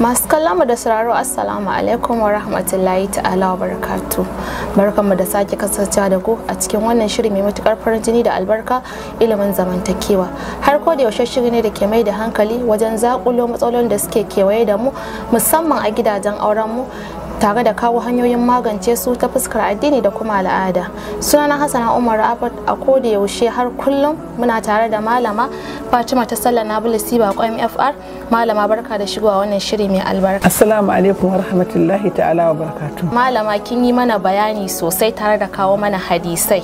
masu mu da sauraro assalamu alaikum wa rahmatullahi ta'ala wa barakatu barkanmu da sake kasancewa da ku a cikin wannan shirin mai matukar farin jini da albarka ilimin zamantakewa har ko da yaushe shiri ne da ke mai da hankali wajen zakulo matsalolin da suke kewaye da mu musamman a gidajen auren mu tare da kawo hanyoyin magance su ta fuskar addini da kuma al'ada sunana hassana umar rafat a koda yaushe har kullum muna tare da malama fatima ta sallah na bulisi ba fr Malama barka da shigowa wannan shiri mai albarka. Assalamu alaikum wa rahmatullahi ta'ala wa barakatu. Malama kin yi mana bayani sosai tare da kawo mana hadisai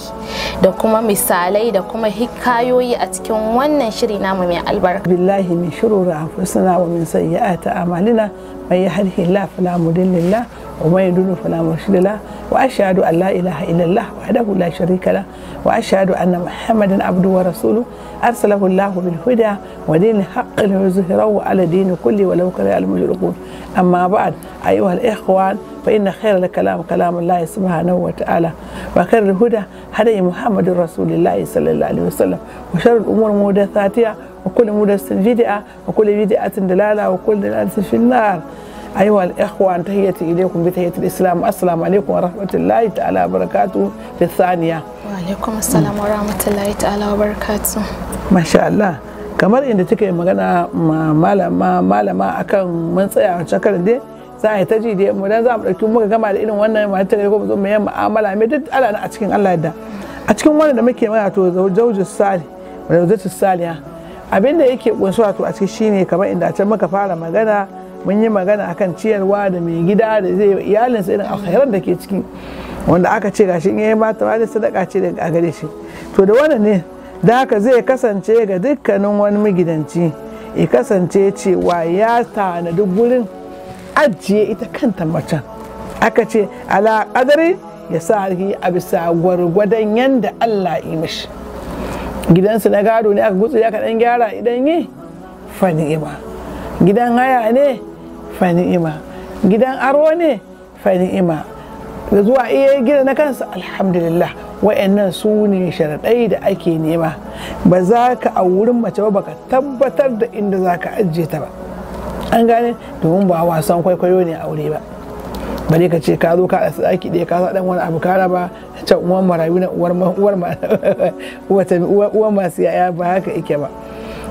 da kuma misalai da kuma hikayoyi a cikin wannan shiri namu mai albarka. Billahi min shururi anfusina wa min sayyi'ati a'malina may yahdihillahu fala mudilla وما يدل فلا مرشد له واشهد ان لا اله الا الله وحده لا شريك له واشهد ان محمدا عبده ورسوله ارسله الله بالهدى ودين الحق ليظهره على دين كل ولو كره المشركون اما بعد ايها الاخوان فإن خير الكلام كلام الله سبحانه وتعالى وخير الهدى هدي محمد رسول الله صلى الله عليه وسلم وشر الأمور محدثاتها وكل محدثة بدعة وكل بدعة دلالة وكل دلالة في النار أيها الإخوة تحية إليكم بتحية الإسلام السلام عليكم ورحمة الله تعالى وبركاته في الثانية وعليكم السلام ورحمة الله تعالى وبركاته ما شاء الله kamar inda take magana malama malama akan mun tsaya a shekarar dai za a yi ta ji dai mu dan za mu dauki muka gama da irin wannan ma ta ko zo mu yi mu'amala mai duk na a cikin Allah da a cikin wannan da muke magana to zaujus sali zaujus saliya abinda yake kunsuwa to a cikin shine kamar inda a can muka fara magana mun yi magana akan ciyarwa da mai gida da zai yi iyalinsa irin alkhairar da ke ciki wanda aka ce gashi in yayi mata ba sadaka ce daga gare shi to da wannan ne da haka zai kasance ga dukkanin wani magidanci ya kasance cewa ya tanadi gurin ajiye ita kanta mace? aka ce ala kadari ya sa harki a bisa gwargwadon yanda Allah yi mishi gidansu na gado ne aka gutsu ya kaɗan gyara idan yi fa ni'ima gidan haya ne fa ni'ima gidan aro ne fa ni'ima da zuwa iya gida na kansa alhamdulillah wa'annan su ne sharaɗai da ake nema ba za ka a wurin mace ba baka tabbatar da inda za ka ajiye ta ba an gane domin ba wasan kwaikwayo ne a aure ba bare ka ce ka zo ka ɗasa ɗaki ɗaya ka ɗan wani abu kara ba can uwan marayu na uwar masu yaya ba haka ike ba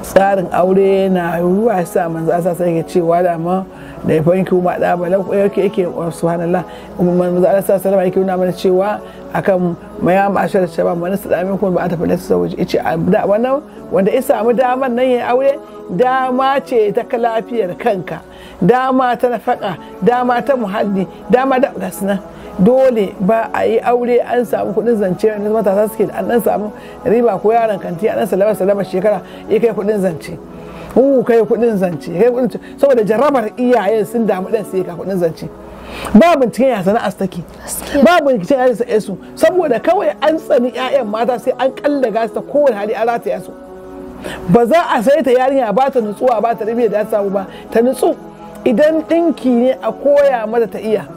tsarin aure na ruwa sa manzo asa sai ke cewa da ma da ya fahimci kuma da ba lau yake yake subhanallah kuma manzo Allah sallallahu alaihi wasallam yake nuna mana cewa akan maya ma'ashar shabab man sada min kuma ba ta fada su waje yace da wannan wanda ya samu daman nan ya aure dama ce ta lafiyar kanka dama ta nafaka dama ta muhalli dama da gasna dole ba a yi aure an samu kudin zance ne matasa suke da an samu riba ko yaron kanti an salama salama shekara ya kai kudin zance ku kai kudin zance kai kudin saboda jarabar iyaye sun damu dan sai ka kudin zance ba binciken ya sana'ar take ba binciken ya sa su saboda kawai an tsani 'ya'yan mata sai an kallaga gasu ta kowane hali an rataya su ba za a sai ta yarinya ba ta nutsuwa ba ta rabe da ta samu ba ta nutsu idan ɗinki ne a koya mata ta iya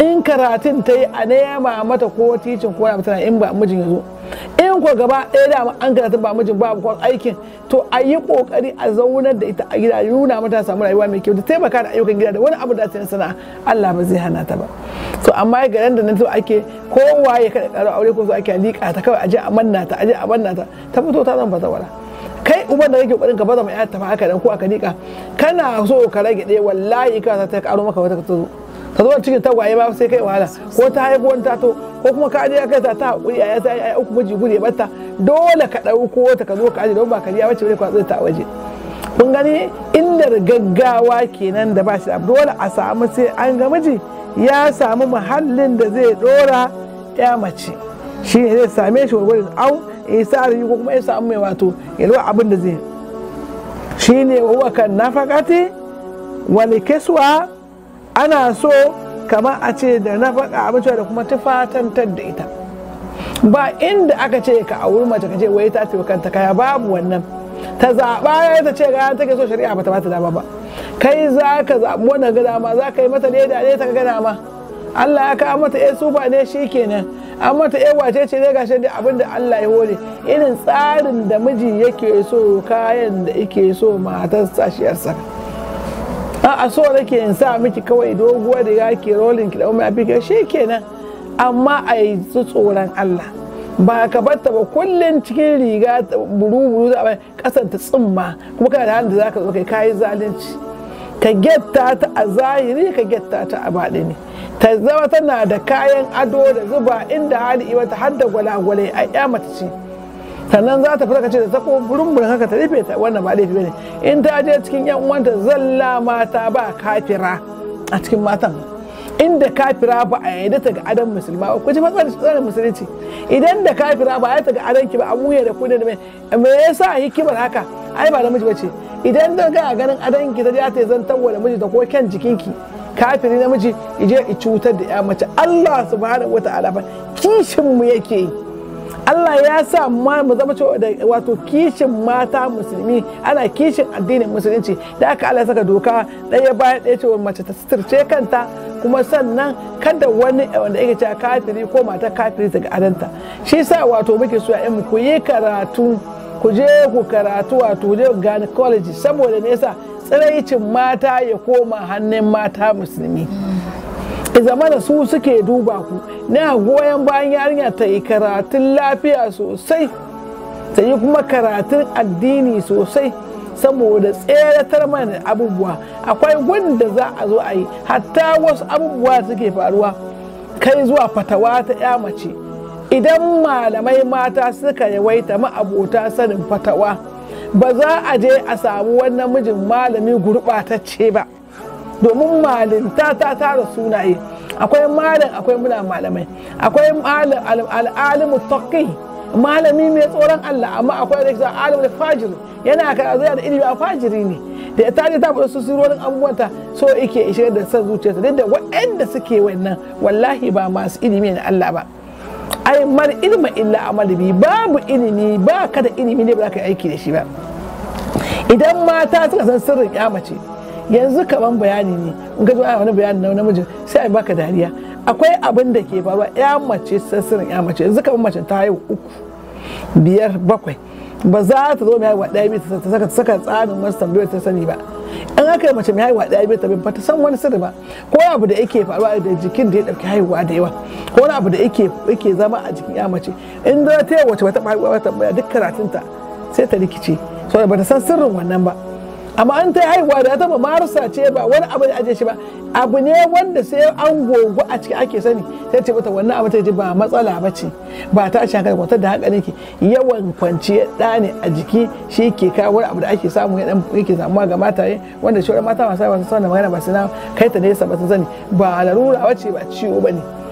in karatun ta yi a nema mata ko ticin koya mata in ba mijin ya zo in kuwa gaba ɗaya dama an ta ba mijin ba kwan aikin to a yi kokari a zaunar da ita a gida nuna mata samu rayuwa mai kyau da taimaka da ayyukan gida da wani abu da ta sana'a Allah ba zai hana ta ba to amma ga da nan to ake kowa ya kada karo aure ko so ake liƙa ta kawai aje a manna ta aje a manna ta ta fito ta zan fata wala kai uban da kake kokarin ka baza mai ta ba haka dan ko aka liƙa kana so ka rage ɗaya wallahi ka ta karo maka wata ka zo ka zo cikin tagwaye ba sai kai wahala ko ta haifi wani tato ko kuma ka ajiye kai ta ta hakuri a yasa ya uku miji gure ta dole ka ɗauko ta ka zo ka ajiye don ba kariya bace bane kwatsa ta waje kun gani inda gaggawa kenan da ba shi da dole a samu sai an ga miji ya samu muhallin da zai dora ya mace shi ne zai same shi warwarin au ya sa arziki ko kuma ya samu mai wato yalwa abin da zai shi ne wakan nafakati wani kiswa ana so kama a ce da na nafaka abinci da kuma tufatantar da ita ba inda aka ce ka auri mace ka ce wai ta ce kanta kaya babu wannan ta zaɓa ya ta ce ga take so shari'a bata bata dama ba kai za ka zaɓi wannan gada ma za ka yi mata leda ne ta gada ma Allah ya kawo mata ya eh, ba ne shi kenan an mata ya eh, wace ce ne gashi da abin da Allah ya hore irin tsarin da miji yake so kayan da yake so matarsa shi saka a so nake in sa miki kawai doguwa da ya ke rolling ki da umar afirka shi kenan amma a yi tsoron allah ba ka batta ba kullum cikin riga buru-buru da kasan ta tsumma kuma kana da hannu da za ka zo kai kayi zalunci ka getta ta a zahiri ka getta ta a baɗini ta zama tana da kayan ado da zuba inda hali iwata har da gwalagwalai a ya mace ce sannan za ta fi ka ce da ko burin haka ta rufe ta wannan ba laifi bane in ta je cikin yan uwanta zalla mata ba kafira a cikin matan inda kafira ba a yadda ta ga adam musulma ba kuji matsalar tsare musulunci idan da kafira ba a yadda ta ga adam ki ba a muye da ku da me me yasa hikimar haka ai ba namiji bace idan da ga ganin adam ki ta je ta zantar wa namiji da ko kan jikinki kafiri namiji ije i cutar da ya mace Allah subhanahu wataala ba kishin mu yake yi Allah ya sa ma mu zama wato kishin mata musulmi ana kishin addinin musulunci da aka Allah saka doka ɗaya bayan ɗaya cewa mace ta suturce kanta kuma sannan kada wani wanda yake cewa kafiri ko mata kafiri daga adanta shi sa wato muke so mu ku yi karatu ku je ku karatu wato ku je gynecology saboda nesa tsiraicin mata ya koma hannun mata musulmi. zama da su suke duba ku na goyon bayan yarinya ta yi karatun lafiya sosai ta yi kuma karatun addini sosai saboda tseratar mana abubuwa akwai wanda za a zo a yi hatta wasu abubuwa suke faruwa kai zuwa fatawa ta ya mace idan malamai mata suka yawaita ma'abota sanin fatawa ba za a je a samu wannan mijin malami gurɓatacce ba domin malinta ta tara sunaye akwai malam akwai muna malamai akwai al'alimu taqi malami mai tsoron Allah amma akwai da kisa alim fajir yana ka zai da ilimi a fajiri ne da ta ta faɗa su abubuwan ta, so yake ishe da san zuciyarsa duk da waɗanda suke wannan wallahi ba masu ilimi ne Allah ba ai mar ilma illa amal bi babu ilimi ba ka da ilimi ne ba za ka yi aiki da shi ba idan mata suka san sirrin mace yanzu kaman bayani ne in ka zo wani bayani na namiji sai a baka dariya akwai abin da ke faruwa ya mace sassirin ya mace yanzu kaman mace ta haihu uku biyar bakwai ba za ta zo mai haihuwa ɗaya biyu ta saka saka tsarin wasu tambayoyi ta sani ba in aka mace mai haihuwa ɗaya biyu ta ba ta san wani sirri ba ko abu da yake faruwa da jikin da ya ɗauki haihuwa da yawa ko wani abu da yake zama a jikin ya mace in da ta yi wace wata haihuwa tambaya duk karatunta sai ta rikice saboda ba ta san sirrin wannan ba amma an ta haihuwa da ta marsa ce ba wani abu da aje shi ba abu ne wanda sai an gogo a ciki ake sani sai ce mata wannan abu ta ji ba matsala ba ce ba ta shi hankali kwatar da haka ne ke yawan kwanci ɗa ne a jiki shi ke kawo abu da ake samu ya yake samuwa ga mataye wanda shi mata masu yawa sun magana ba su na kai ta nesa ba su sani ba larura ba ce ba ciwo ba ne.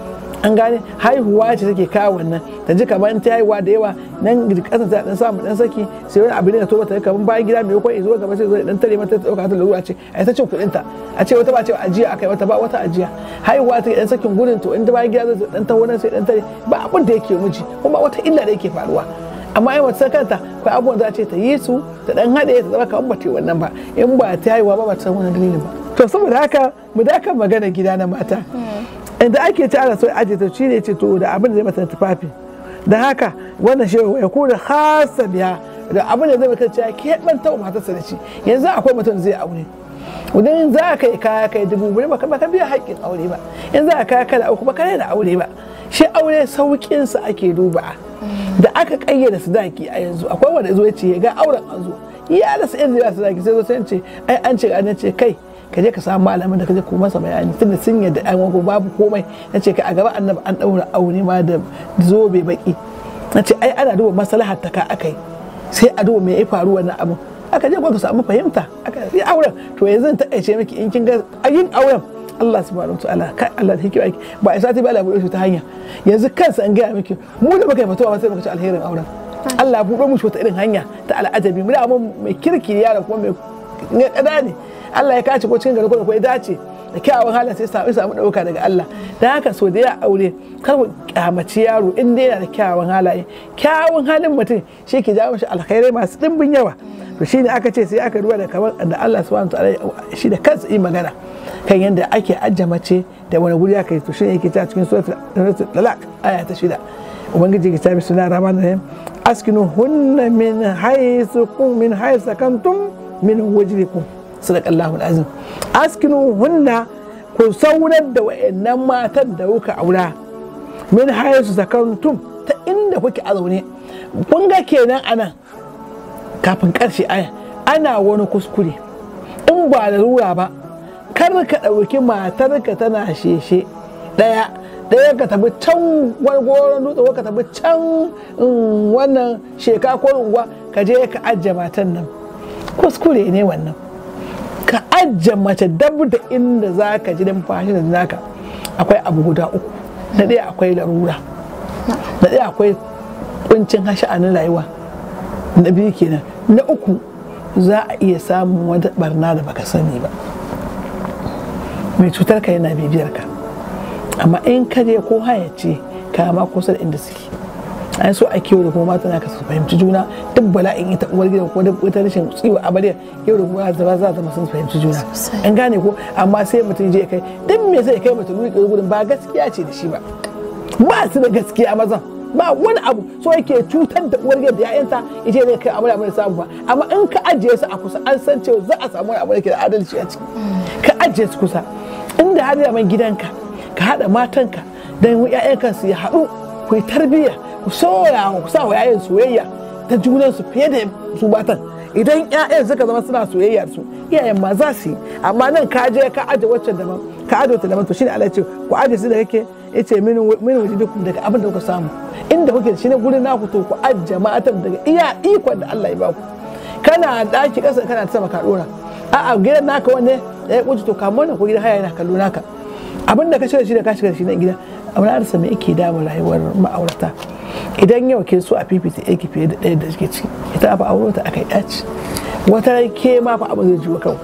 an gane haihuwa ce take kawo wannan ta ji kamar ta haihuwa da yawa nan kasan ta dan samu dan saki sai wani abin da toba ta kamar bayan gida mai kwai zuwa gaba sai zo dan tare mata ta dauka ta lura ce ai ta ce kudin ta a ce wata ba ce ajiya akai wata ba wata ajiya haihuwa ta dan sakin gurin to in ta bayan gida zai dan taho nan sai dan tare ba abin da yake miji kuma wata illa da yake faruwa amma ai wata kanta kai abubuwan za ce ta yi su ta dan hade ta zama kamar ba ta yi wannan ba in ba ta haihuwa ba ba ta san wannan dalilin ba to saboda haka mu da magana gida na mata inda ake ci ana so ajiye ta ne ce to da abin da zai mata tufafi da haka wannan shi ya kura hasa biya da abin da zai mata cewa ke dan ta sa da shi yanzu akwai mutum zai aure idan za ka yi kaya kai dubu bari ba ka biya haƙƙin aure ba in za ka kaya kala uku ba ka da aure ba shi aure saukin sa ake duba da aka su sadaki a yanzu akwai wanda zo ya ce ga auren an zo ya da sai zai sadaki sai zo sai ce ai an ce an ce kai ka je ka samu malamin da ka je kuma masa bayani tunda sun yadda an wako babu komai na ce ka a gaba annabi an daura aure ma da zobe baki na ce ai ana duba maslahar ta ka akai sai a duba me ya faru wannan abin aka je ka samu fahimta aka yi auren to yanzu ta aice miki in kin ga yin auren Allah subhanahu wataala kai Allah da ba a sati ba bude shi ta hanya yanzu kansa an ga miki mu da muka yi fatawa sai muka ci alherin auren Allah buɗe mu shi wata irin hanya ta al'ajabi mu da mai kirki yara kuma mai ne ne Allah ya kace ko cikin gari ko ya dace da kyawun halin sai sai samu dauka daga Allah dan haka so da ya aure kar ku kyamaci yaro in dai yana da kyawun halaye kyawun halin mutum shi ke jawo shi alkhairai masu dimbin yawa to shine aka ce sai aka ruwa da kamar da Allah subhanahu wataala shi da kansa yi magana kan yadda ake ajje mace da wani guri aka yi to shine yake ta cikin suratul talaq aya ta shida ubangiji ke tabi suna rahman rahim askinu hunna min haythu kun min haisakantum min wajrikum sadaqallahu alazim askinu hunna ku saunar da wayannan matan da kuka aura min haisu zakantum ta inda kuke a zaune kun ga kenan anan kafin karshe aya ana wani kuskure in ba da rura ba kar ka ɗauki matarka tana sheshe daya daya ka tabi can goron dutse ka tabi can mm, wannan sheka ko unguwa ka je ka ajiye matan nan kuskure ne wannan ajiye mace dab da inda za ka ji numfashi da naka akwai abu guda uku na ɗaya akwai larura na ɗaya akwai kuncin a rayuwa na biyu kenan na uku za a iya samun wata barna da baka sani ba mai cutar ka yana bibiyar ka amma in ka je ko hayace ka ma kusa da inda suke an so a kewa da kuma mata na kasu fahimci juna duk bala'in ita uwar gida ko duk ita rashin tsiwa amarya yau da kuma za za zama sun fahimci juna an gane ko amma sai mutum je kai duk me zai kai mutum ruƙe gudun ba gaskiya ce da shi ba ba su da gaskiya mazan ba wani abu so yake cutar da uwar gida da ya'yanta ita ne kai amarya mai samu ba amma in ka ajiye su a kusa an san cewa za a samu amarya ke da adalci a ciki mm. ka ajiye su kusa inda har da man gidanka ka haɗa matanka don 'ya'yanka su ya haɗu ku yi tarbiyya ku soya ku sa wa yayin soyayya ta junan su fiye da su batan idan ƴaƴan suka zama suna soyayya su iyayen ma za su yi amma nan ka je ka aje waccan daban ka aje wata daban to shine Allah ya ce ku aje su da kake yace min min duk daga abin da kuka samu inda kuke shine gurin naku to ku aje matan daga iya ikon da Allah ya ba ku kana daki kasa kana sama ka dora a'a gidan naka wanne ya kuce to kamar ko gidan haya yana kallo naka abin da ka shirya shi da ka shirya shi na gida aurarsa me yake damu rayuwar ma'aurata idan yau ke so a fifita yake fiye da ɗaya da suke ciki ita ba auro ta aka yaci wata rai ke ma fa abin zai ji kan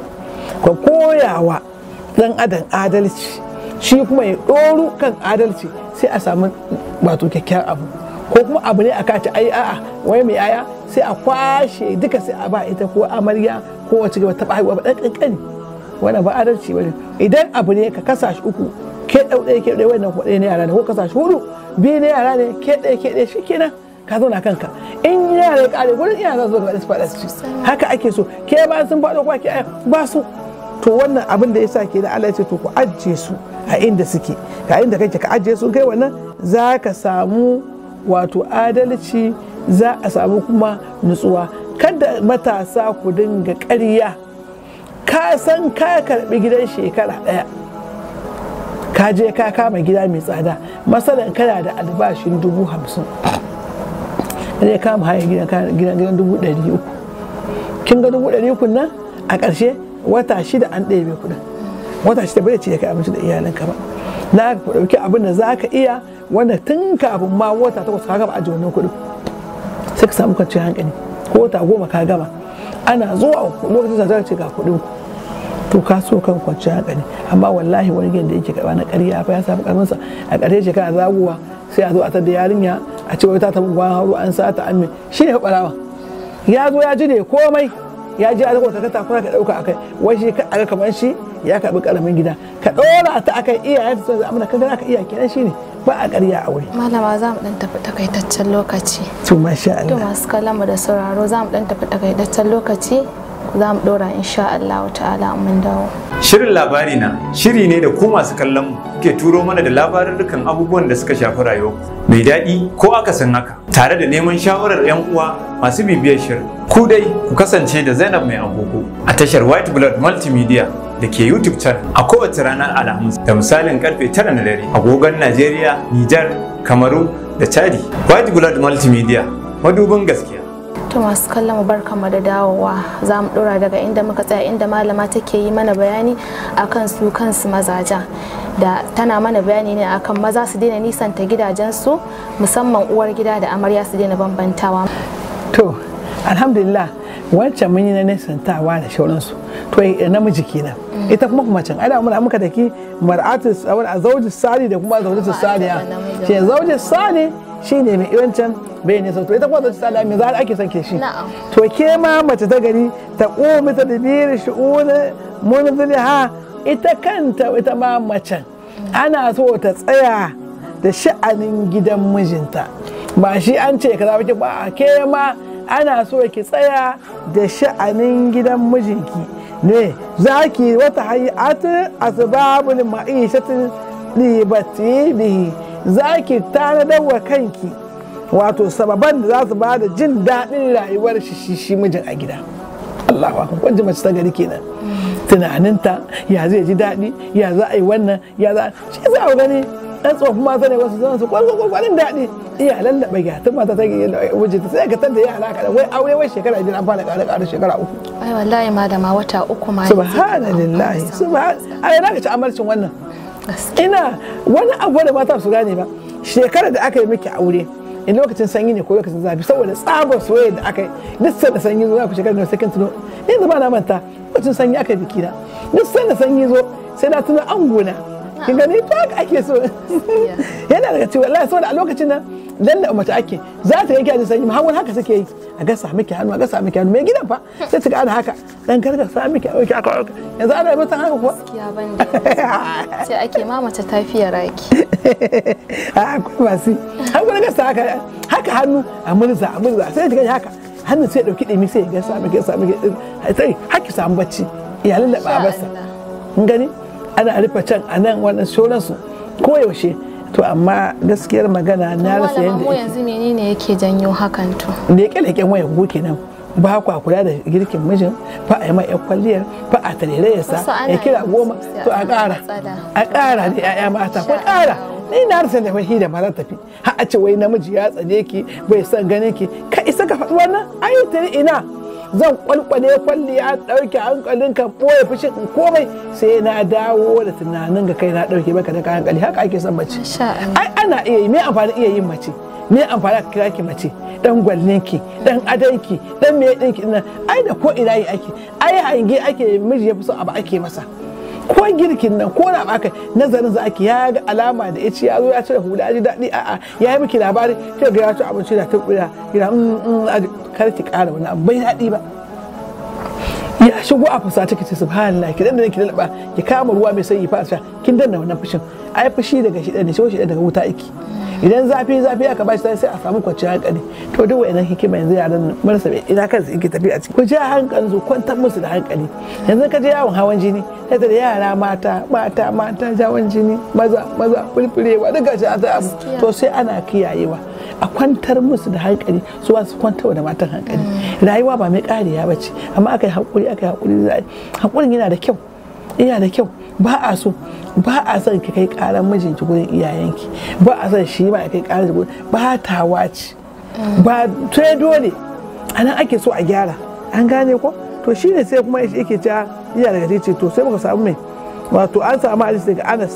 ka koyawa dan adam adalci shi kuma ya ɗoru kan adalci sai a samu wato kyakkyawan abu ko kuma abu ne a kaci ai a'a wai mai aya sai a kwashe duka sai a ba ita ko amarya ko wace gaba ta ba ɗan ƙanƙani wannan ba adalci ba idan abu ne ka kasa shi uku ke ɗau ɗaya ke ɗaya wannan ne yara ne ko kasashe hudu biyu ne yara ne ke ɗaya ke ɗaya shi kenan ka zauna kanka in yara ya ƙare gurin iya za su faɗa su haka ake so ke ba sun faɗo kwa ke ba su to wannan abin da ya sa ke da Allah ya ce to ku ajiye su a inda suke ka inda kake ka ajiye su kai wannan za ka samu wato adalci za a samu kuma nutsuwa kada matasa ku dinga ƙarya ka san ka karɓi gidan shekara ɗaya ka je ka kama gida mai tsada masalan kana da albashin dubu hamsin zai kama hanyar gidan gidan dubu ɗari uku kin ga dubu ɗari uku nan a ƙarshe wata shida an ɗaya mai kuɗin wata shida bai ce ya kai abinci da ka ba na ka ɗauki abin da za ka iya wanda tun kafin ma wata takwas ka gama ajiye wannan kuɗin sai ka samu kwanciyar hankali ko wata goma ka gama ana zuwa lokacin da za ka ce ga kuɗin ku to ka so kan kwanciya hankali amma wallahi wani gidan da yake karba na ƙarya fa ya samu karmansa a ƙarshe shekara zaguwa sai a zo a tada yarinya a ce wai ta tafi gwan hauro an sa ta amme shi ne barawa ya zo ya ji ne komai ya ji a arziki ta kata kuna ka ɗauka akai wai shi ka aga kamar shi ya karɓi ƙaramin gida ka ɗora ta akai iyayen su zai ka kaga ka iya kenan shi ne ba a ƙarya a wuri. malama za mu ɗan tafi takaitaccen lokaci. to masha Allah. to masu kallon da sauraro za mu ɗan tafi takaitaccen lokaci za mu dora insha Allah ta'ala mun dawo. Shirin labari na shiri ne da ku masu kallon mu ke turo mana da labarurrukan abubuwan da suka shafi rayuwa mai daɗi ko aka san haka tare da neman shawarar 'yan uwa masu bibiyar shirin. Ku dai ku kasance da Zainab mai agogo a tashar White Blood Multimedia da ke YouTube channel a kowace ranar Alhamis da misalin karfe 9 na dare agogon Najeriya, Nijar, Kamaru da Chadi. White Blood Multimedia madubin gaskiya. To masu kallon mu barka mu da dawowa za mu dora daga inda muka tsaya inda malama take yi mana bayani akan su kansu mazaja da tana mana bayani ne akan maza su daina nisanta gidajensu musamman uwar gida da amarya su daina bambantawa. To alhamdulillah wancan mun yi na nisantawa da shauransu to eh, namiji kenan mm. ita kuma kuma can ana mun muka daki mar'atu a zaujis sani da kuma sani saniya ce zauje sani shine mai iwancan. bai ne sautu ita kuma zai sala za a ake son ke shi to ke ma mace ta gari ta ta qumi tadbir shu'un ha? ita kanta ita ma macen ana so ta tsaya da sha'anin gidan mijinta ba shi an ce kaza ba ba ke ma ana so ki tsaya da sha'anin gidan mijinki ne za ki wata hayatu asbabul ma'ishatin libati bihi za ki tana wa kanki wato sababan da za su ba da jin daɗin rayuwar shi shi mijin a gida Allahu akbar ji mace ta gari kenan tunaninta ya zai ji daɗi ya za a yi wannan ya za shi za a gani ɗan tsofin mata ne wasu zan su kwarzo kwanin daɗi iya lallaɓa ya tun mata ta yi wajen ta sai ka tanta ya halaka da wai aure wai shekara biyar an fara ƙara ƙara shekara uku. ai wallahi ma da ma wata uku ma. subhanallahi subhanallahi ai na ka ci amarcin wannan. ina wani abu da mata su gane ba shekara da aka yi miki aure in lokacin sanyi ne ko lokacin zafi saboda tsabar soyayya da aka yi duk sanda sanyi zo za ku shiga da sakin tuno ne yanzu na manta lokacin sanyi aka yi biki na duk sanda sanyi zo sai na tuna gona kin gani ta ake so yana daga cewa wallahi saboda a lokacin nan lalle mace ake za ta yi gidajen sanyi mahawar haka suke yi a ga gasa miki hannu a ga gasa miki hannu mai gidan fa sai ta ana haka dan karga sa miki auki aka auki yanzu ana yi mata haka kuwa gaskiya ban da sai ake ma mace ta fiye raki a ku akwai masu har wani gasa haka haka hannu a murza a murza sai ta gani haka hannu sai dauki dimi sai ga gasa miki gasa miki sai haki samu bacci iyalin da ba basa mun gani ana rufe can a nan wannan sauransu yaushe to amma gaskiyar magana na rasa yadda mu yanzu menene yake janyo hakan to da yake leke leken wayan ku kenan ba ku kula da girkin mijin fa a yi mai yan kwalliyar fa a tarere sa ya kira goma to a ƙara a ƙara da 'ya'ya mata ko ƙara ni na rasa da fashi da mara tafi har a ce wai namiji ya tsane ki bai son ganin ki ka isa ka faɗi wannan ayyukan ina zan kwalkwale kwalliya ɗauke hankalin ka ɓoye fushin in komai sai na dawo da tunanin ga kai na ɗauke maka da hankali haka ake son mace ai ana iya yi me amfani iya yin mace me amfani a kira ki mace dan gwalninki dan adanki dan me dinki ai da ko ina yi ake ai hange ake miji ya fi so abu ake masa ko girkin nan ko na baka nazarin za ki ya ga alama da ya ci ya zo ya ci cire hula ji daɗi a'a ya yi miki labari kai ga ya ci abinci da ta kula ina mm, mm, kar ki ƙara wani abu bai daɗi ba ya shigo a fasa take ce subhanallah ki da ki dalba ki kama ruwa mai sanyi fa kin danna wannan fushin ai fushi daga shi ne shi daga wuta aiki. idan zafi zafi aka bashi sai sai a samu kwanciyar hankali to duk wa'annan hikima yanzu yaran marasa bai ina kansu yake tafi a ciki ku ja hankali su kwantar musu da hankali yanzu ka je yawon hawan jini sai da yara mata mata mata jawon jini maza maza fulfulewa duka shi a abu to sai ana kiyayewa a kwantar musu da hankali su su kwantar da matan hankali mm. rayuwa ba mai kariya ba ce amma aka yi hakuri aka yi hakuri hakurin yana da kyau yana da kyau ba a so ba a son ki kai karan mijinki gurin iyayenki ba a son shi ma kai karan gurin ba ta wace ba sai dole anan ake so a gyara an gane ko to shine sai kuma yake ta iya daga ce to sai muka samu mai wato an samu hadisi daga Anas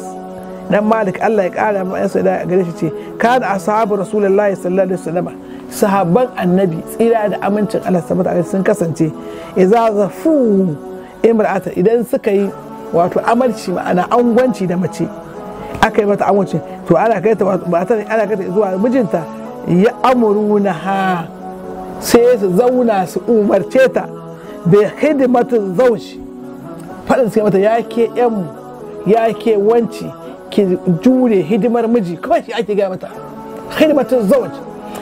dan Malik Allah ya kara mu ayyasa da gare shi ce kana ashabu rasulullahi sallallahu alaihi wasallam sahabban annabi tsira da amincin Allah subhanahu wa sun kasance idza zafu imra'ata idan suka yi wato amarci ma'ana angwanci da mace aka yi mata amalci to ana kai ta matar ana kai ta zuwa mijinta ya amuruna ha sai su zauna su umarce ta da hidimatu zauci faɗin sai mata ya ke yan ya ke wanci ki jure hidimar miji kawai shi ake gaya mata hidimatu zauci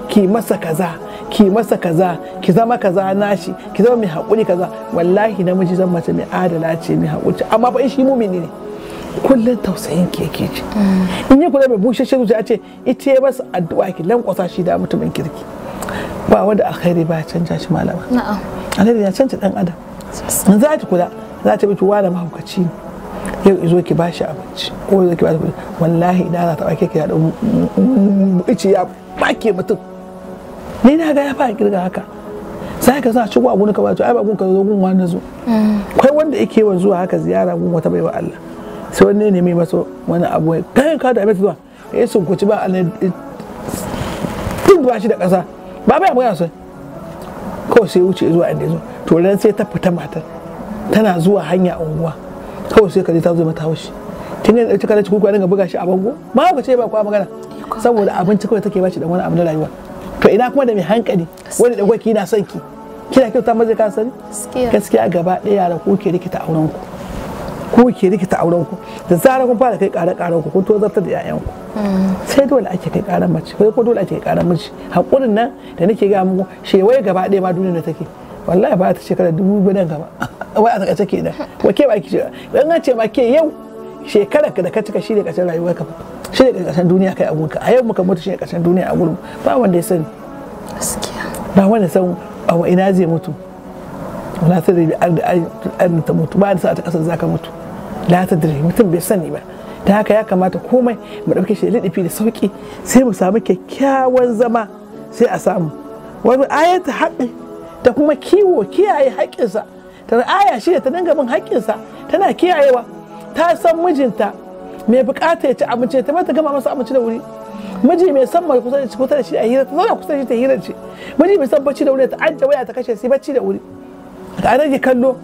ki masa kaza ki masa kaza ki zama kaza nashi ki zama mai haƙuri kaza wallahi namiji zan mace mai adala ce mai haƙuri amma fa shi mumini ne kullum tausayin ki yake in yi kula mai bushe shi ya ce ita ya masa addu'a ki lankwasa shi da mutumin kirki ba wanda alkhairi ba canja shi malama na'am ya canja dan adam za ta kula za ta mutu wani mahaukaci ne yau izo ki ba shi abinci ko zo ki ba shi wallahi idan za ta ake ki da ya bake mutum ni na ga ya fara kirga haka sai ka sa shigo a gurin ka ba to ai ba gun ka zo gun wani zo kai wanda yake wa zuwa haka ziyara gun wata bai baiwa Allah sai wani ne mai maso wani abu kai ka da mai zuwa eh sun kuci ba Allah duk ba shi da ƙasa ba bai magana sai ko sai wuce zuwa inda zo to ran sai ta fita matar tana zuwa hanya unguwa ko sai ka kaje ta zo mata haushi tun da ta kada ci kuka dinga buga shi a bango ba ba ce ba kwa magana saboda abinci kawai take bashi dan wani abu na rayuwa to ina kuma da mai hankali wani da gwaki na son ki kina kyauta maza ka sani gaskiya gaba ɗaya yara ku ke rikita auren ku ku ke rikita auren ku da zarar kun fara kai ƙara ƙaran ku kun tozartar da 'ya'yan ku mm. sai dole ake kai ƙaran mace sai ko dole ake kai ƙaran mace hakurin nan da nake ga muku wai gaba ɗaya ma duniya take wallahi ba ta shekara dubu biyu nan gaba wai a takaice kenan wa ke ba ki ce in an ce ma ke yau shekarar da ka cika shi ne ƙarshen rayuwar ka ba shi ne kasan duniya kai abunka a yau muka mutu shi ne kasan duniya a gurmu ba wanda ya sani ba wanda ya san a ina zai mutu wala ta da arda ta mutu ba da sa'a ta ƙasar za ka mutu la ta mutum bai sani ba ta haka ya kamata komai mu ɗauke shi da liɗifi da sauƙi sai mu samu kyakkyawan zama sai a samu wani ayata haƙi ta kuma kiwo kiyaye haƙƙinsa ta aya shi ta dinga bin haƙƙinsa tana kiyayewa ta san mijinta mai bukata ya ci abinci ya mata gama masa abinci da wuri miji mai san mai kusa da kusa da shi a hira zauna kusa da shi ta hira ce miji mai san bacci da wuri ta ajje waya ta kashe sai bacci da wuri ka rage kallo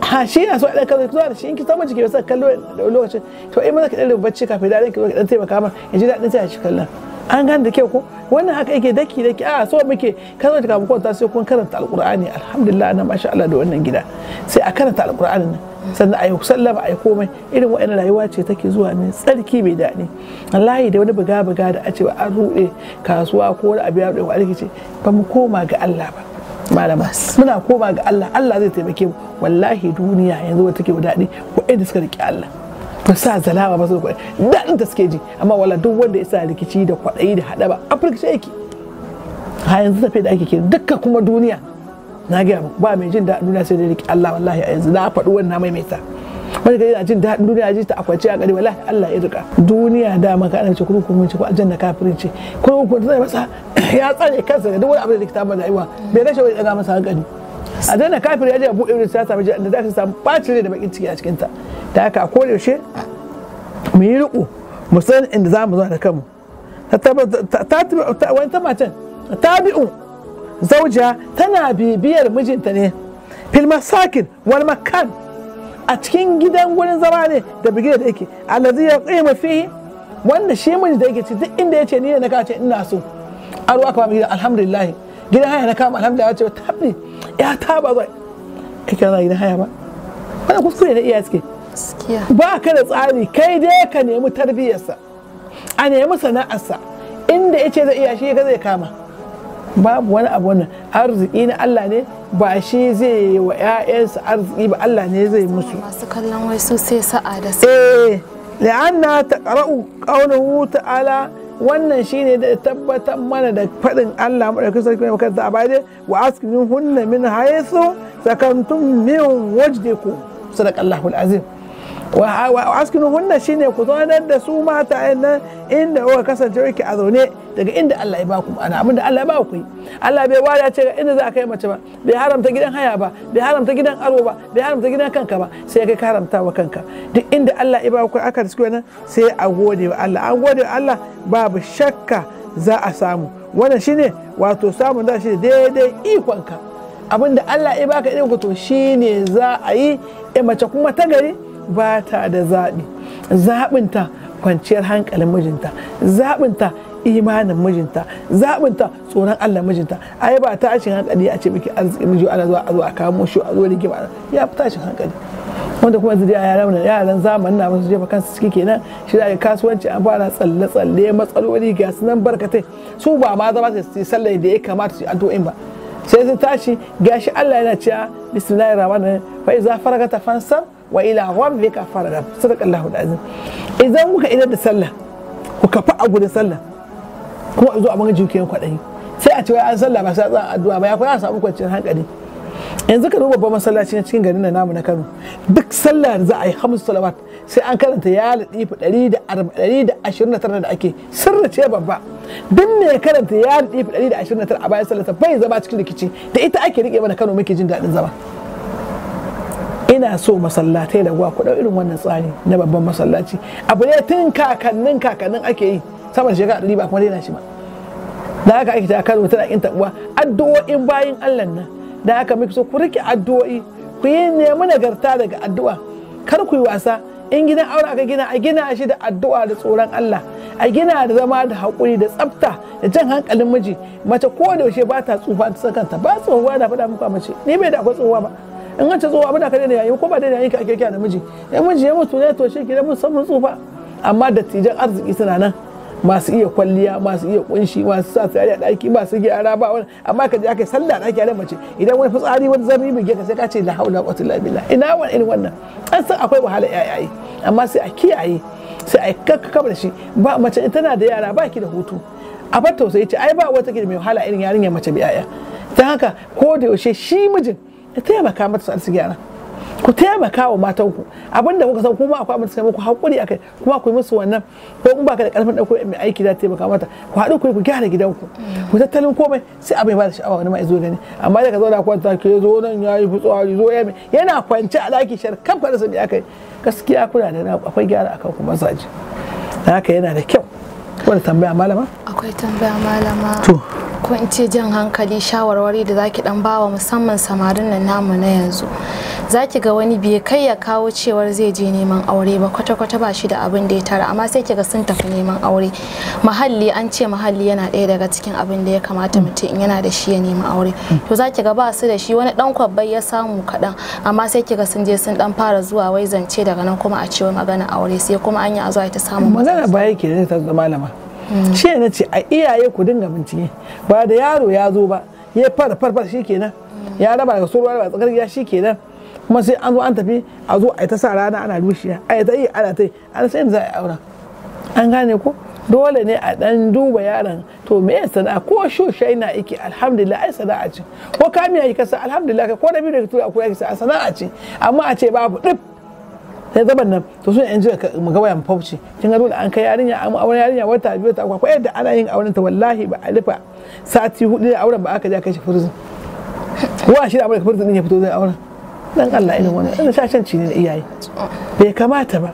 ha shi yana so ɗan kallo zuwa da shi in ki samu jiki sa kallo da lokacin to in maza ka ɗan bacci kafin da ka ɗan taimaka ma ya ji dadin sai shi kallon an gane da kyau ko wannan haka yake daki daki a so muke kazo da kafin kwanta sai kun karanta alqur'ani alhamdulillah ana masha Allah da wannan gida sai a karanta alqur'ani nan sannan a yi sallama a yi komai irin wa'in rayuwa ce take zuwa ne tsarki mai daɗi wallahi da wani buga buga da a cewa an ruɗe kasuwa ko wani abu ya ruɗe wa ce ba mu koma ga Allah ba malama muna koma ga Allah Allah zai taimake mu wallahi duniya yanzu wata ke daɗi da suka riƙe Allah ba sa zalawa ba su kwaɗi daɗin da suke ji amma wala duk wanda ya sa rikici da kwaɗayi da haɗa ba afirka ce yake ha yanzu tafiya da ake kira dukkan kuma duniya na gaya ba mai jin daɗin duniya sai dai riƙe Allah wallahi a yanzu na faɗi wannan maimaita wani gari na jin daɗin duniya ji ta akwace a gari wallahi Allah ya rika duniya da maka ana ce kurkuku mun ce ko aljanna kafirin ce kurkuku ta zai masa ya tsare kansa da duk wani abu da likita ba rayuwa bai rashe wani daga masa hankali aljanna kafir ya je Abu Ibn ta samu da za ka samu bacin da bakin ciki a cikin ta da haka a kore yaushe mu yi riko mu san inda za mu zo da kanmu ta wani ta macen zauja tana bibiyar mijinta ne fil Sakin, wal makan a cikin gidan gurin zama ne da bigida da yake alazi ya qima mafi wanda shi miji da yake ci duk inda yace ni ne na kace ina so a ruwa kama gida alhamdulillah gidan haya na kama alhamdulillah ya ce tabbi ya taba zai kike na gidan haya ba Wani kuskure ne iya suke ba ka da tsari kai dai ka nemi tarbiyyarsa a nemi sana'arsa inda yace zai iya shi ka zai kama babu wani abu wannan arziki na Allah ne ba shi zai yi wa 'ya'yansa arziki ba Allah ne zai musu masu kallon wai su sai sa'a da su eh la'anna qara'u qawluhu ta'ala wannan shine da tabbatar mana da fadin Allah mu da kusa mai kanta a wa askinu hunna min haythu sakantum min wajdikum sadaqallahu alazim wa askinu hunna shine ku zaunar da su mata nan inda kuka kasance yake a zaune daga inda Allah ya baku ana abinda Allah ya baku Allah bai wada ce ga inda za ka yi mace ba bai haramta gidan haya ba bai haramta gidan aro ba bai haramta gidan kanka ba sai kai ka haramta wa kanka duk inda Allah ya baku aka da nan sai a gode wa Allah an gode wa Allah babu shakka za a samu wannan shine wato samun da shi daidai ikonka abinda Allah ya baka idan ku to shine za a yi mace kuma ta gari ba ta da zaɓi zaɓinta kwanciyar hankalin mijinta zaɓinta imanin mijinta zaɓinta tsoron Allah mijinta yi ba tashin hankali a ce miki arziki miji ana zuwa a zo a kamo shi a zo gima ya fi tashin hankali wanda kuma yanzu yaran yaran zamanin na su jefa kansu suke kenan shi da kasuwanci an fara tsalle tsalle matsaloli ga su nan barkatai su ba ma zama su yi sallah da ya kamata su addu'o'in ba sai su tashi gashi Allah yana cewa bismillahir rahmanir rahim fa iza faragata fansar wa ila rabbika farghab sadaqallahu alazim idan kuka idar da sallah ku kafa a gurin sallah kuma a zo a magajin kiyan dai sai a ce wai an sallah ba sai a addu'a ba ya kuma samu kwanciyar hankali yanzu ka duba babban masallaci cikin garin na namu na Kano duk sallah da za a yi hamsu salawat sai an karanta ya latifu 129 da ake sirra ce babba duk ne ya karanta ya latifu 129 a bayan sallah. bai zama cikin rikici da ita ake rike mana Kano muke jin daɗin zama ina so masallatai da gwa ku irin wannan tsari na babban masallaci abu ne tun kakannin kakannin ake yi sama da shekara ɗari ba kuma daina shi ba da haka ake ta mutum a kinta uwa addu'o'in bayin Allah nan da haka muke so ku rike addu'o'i ku yi nemi nagarta daga addu'a kar ku yi wasa in gidan aure aka gina a gina shi da addu'a da tsoron Allah a gina da zama da haƙuri da tsafta da jan hankalin miji mace ko da yaushe ba ta tsufa ta sakanta ba tsohuwa da faɗa muku mace ni bai da akwai tsohuwa ba in an ce zo abin da ka daina yayi ko ba daina yayi ka ake kira namiji ya miji ya mutu ne to shi ke mun san mun tsufa amma dattijan arziki suna nan masu iya kwalliya masu iya kunshi masu sa tsari a daki masu gyara ba wani amma ka je aka sallah daki a mace idan wani fitsari wani zami bige ka sai ka ce la haula wa quwwata ina wani irin wannan an san akwai wahala yayaye amma sai a kiyaye sai a kakka da shi ba mace tana da yara ba ki da hutu a fatta tausayi ce ai ba wata ke da mai wahala irin yarinya mace bi yaya ta haka ko da yaushe shi mijin ya taimaka mata su arziki gyara ku taimaka wa matanku abinda kuka san kuma akwai abin da muku hakuri akai kuma ku yi musu wannan ko in baka da karfin dauko mai aiki za ta taimaka mata ku haɗu ku ku gyara gidanku ku tattalin komai sai abin ba da sha'awa wani ma zo gani amma da ka zauna ta ke zo nan yayi fitsari zo yana kwance a daki shar kan fara sani akai gaskiya kuna da akwai gyara akan ku masaji haka yana da kyau wani tambaya malama akwai tambaya malama to kwance jin jan hankali shawarwari da zaki dan bawa musamman samarin nan namu na yanzu zaki ga wani bai kai ya kawo cewar zai je neman aure ba kwata-kwata ba shi da abin da ya tara amma sai kiga sun tafi neman aure mahalli an ce mahalli yana ɗaya daga cikin abin da ya kamata mm. mutum in yana da shi ya nemi aure mm. to zaki ga ba su da shi wani dan kwabbai ya samu kaɗan amma sai kiga sun je sun dan fara zuwa wai zance daga nan kuma a ce magana aure sai kuma an yi a zuwa ta samu magana baya ke ta zama malama shi na ce a iyaye ku dinga bincike ba da yaro ya zo ba ya fara farfar shi kenan ya raba daga surwa ba tsakar ya shi kenan kuma sai an zo an tafi a zo a ta sa rana ana rushiya a ta yi ana ta yi an sai za a aura an gane ko dole ne a dan duba yaron to me ya sana'a ko shoshe na iki alhamdulillah ai sana'a ce ko kamiya yi sa alhamdulillah ko da bi da tura akwai sana'a ce amma a ce babu dip sai zaban nan to sun yanzu jiya mu ga wayan fauci kin ga dole an kai yarinya an auren yarinya wata biyu ta akwai yadda ana yin auren ta wallahi ba alifa sati hudu da auren ba aka ja kai shi furzin wa shi da amurka furzin din ya fito zai auren dan Allah ina sha shan ne da iyaye bai kamata ba